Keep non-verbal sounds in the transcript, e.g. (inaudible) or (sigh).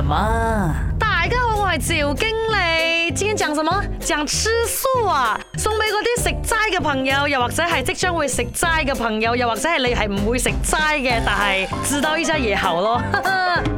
什麼？大家好，我係趙經理。今天講什麼？講吃素啊，送俾嗰啲食齋嘅朋友，又或者係即將會食齋嘅朋友，又或者係你係唔會食齋嘅，但係知道依家也好咯。 (laughs)